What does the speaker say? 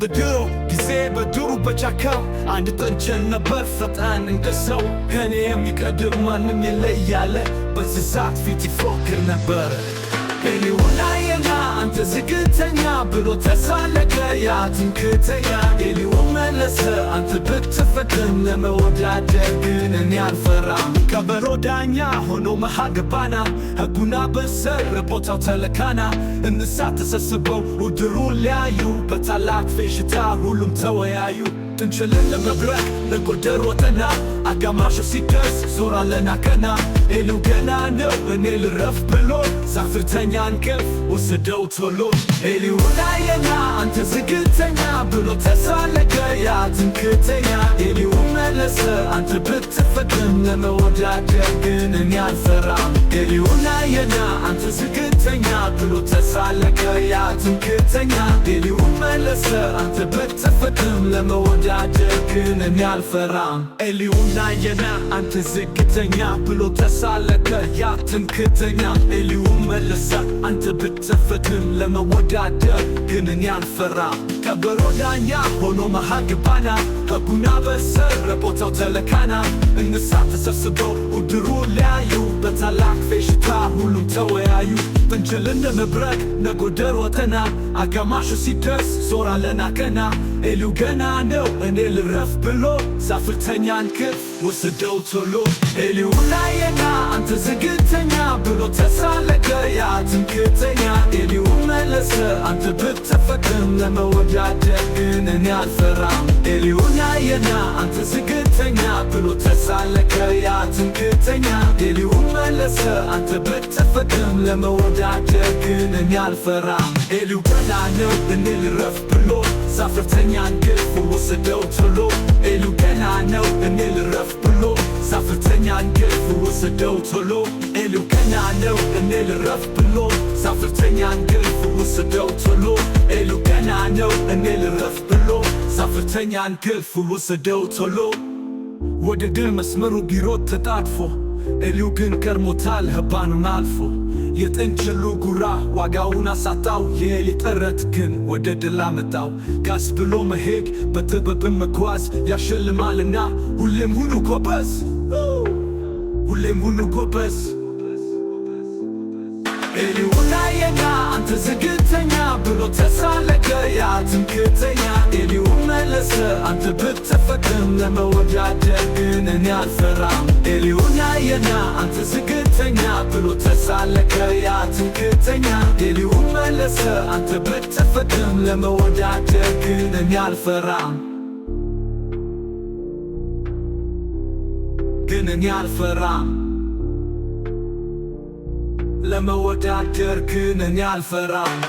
በድሮ ጊዜ በዱሩ በጫካው አንድ ጥንቸል ነበር ፈጣን እንደ ሰው ከኔ የሚቀድም ማንም የለያለ በእንስሳት ፊት ይፎክር ነበር። እኔ ወላየና አንተ ዝግተኛ ብሎ ተሳለቀ ያ ትምክህተኛ ተመለሰ አንተ ብትፈትን ለመወዳደር ግን እኔ አልፈራም። ከበሮ ዳኛ ሆኖ መሃ ገባና ህጉና በሰር ቦታው ተለካና እንሳ ተሰስበው ውድሩ ሊያዩ በታላቅ ፌሽታ ሁሉም ተወያዩ። ጥንችልን ለመብረቅ ለጎደር ወጠና አጋማሹ ሲደርስ ዞራለና ቀና ኤሉ ገና ነው እኔ ልረፍ ብሎ ዛፍርተኛ እንቅልፍ ወስደው ቶሎ ኤሊው ላየና አንተ ዝግል ትምክህተኛ ኤልዩመለሰ አንተ ብትፈቅድም ለመወዳደር ግን እኔ አልፈራም። ኤልዩና የና አንተ ዝግተኛ ብሎ ተሳለቀ ያ ትምክህተኛ ኤልዩ መለሰ አንተ ብትፈቅድም ለመወዳደር ግን እኔ አልፈራም። ኤልዩና የና አንተ ዝግተኛ ብሎ ተሳለቀ ያ ትምክህተኛ ኤልዩ መለሰ አንተ ብትፈቅድም ለመወዳደር ግን እኔ አልፈራም። ከበሮ ዳኛ ሆኖ መሃል ገባና ከቡና በሰር ቦታው ተለካና እንሳ ተሰብስበው ውድሩ ለያዩ በታላቅ ፌሽታ ሁሉም ተወያዩ። ጥንችል እንደ መብረቅ ነጎደር ወጠና አጋማሹ ሲደርስ ዞር አለና ቀና ኤሊው ገና ነው እኔ ልረፍ ብሎ ሳፍርተኛ እንክፍ ወስደው ቶሎ ኤሊው ላየና አንተ ዝግተኛ ብሎ ተሳለቀ ያ ትምክህተኛ ኤሊው ተመለሰ አንተ ብትፈቅም ለመወዳደር ግን እኔ አልፈራም። ኤልዩን አየና አንተ ዝግተኛ ብሎ ተሳለቀ ያ ትንግተኛ። ኤልዩን መለሰ አንተ ብትፈቅም ለመወዳደር ግን እኔ አልፈራም። ኤልዩ በላ ነው እኔ ልረፍ ብሎ ዛፍርተኛ እንግልፍ ወሰደው ትሎ ኤልዩ ገና ነው እኔ እንቅልፍ ወሰደው ቶሎ ኤሊው ቀና ነው እኔ ልረፍ ብሎ ሳፍርተኛ እንቅልፍ ወሰደው ቶሎ ኤሊው ቀና ነው እኔ ልረፍ ብሎ ሳፍርተኛ እንቅልፍ ወሰደው ቶሎ ወደ ድር መስመሩ ቢሮጥ ተጣድፎ ኤሊው ግን ቀርሞታል ህባኑን አልፎ የጥንችሉ ጉራ ዋጋውን አሳጣው። የኤሊ ጥረት ግን ወደ ድል አመጣው። ጋስ ብሎ መሄድ በጥበብን መጓዝ ያሸልማልና ሁሌም ሁኑ ጎበዝ። ሁሌም ሁኑ ጎበዝ። ኤሊሁና የኛ አንተ ዝግተኛ ብሎ ተሳለቀ ያ ትምክህተኛ ኤሊሁ መለሰ አንተ ብትፈቅም ለመወዳደር ግን እኔ አልፈራም። ኤሊሁና የና አንተ ዝግተኛ ብሎ ተሳለቀ ያ ትምክህተኛ ኤሊሁ መለሰ አንተ ብትፈቅም ለመወዳደር ግን እኔ አልፈራም። ግን እኔ አልፈራም። ለመወዳደር ግን እኔ አልፈራም።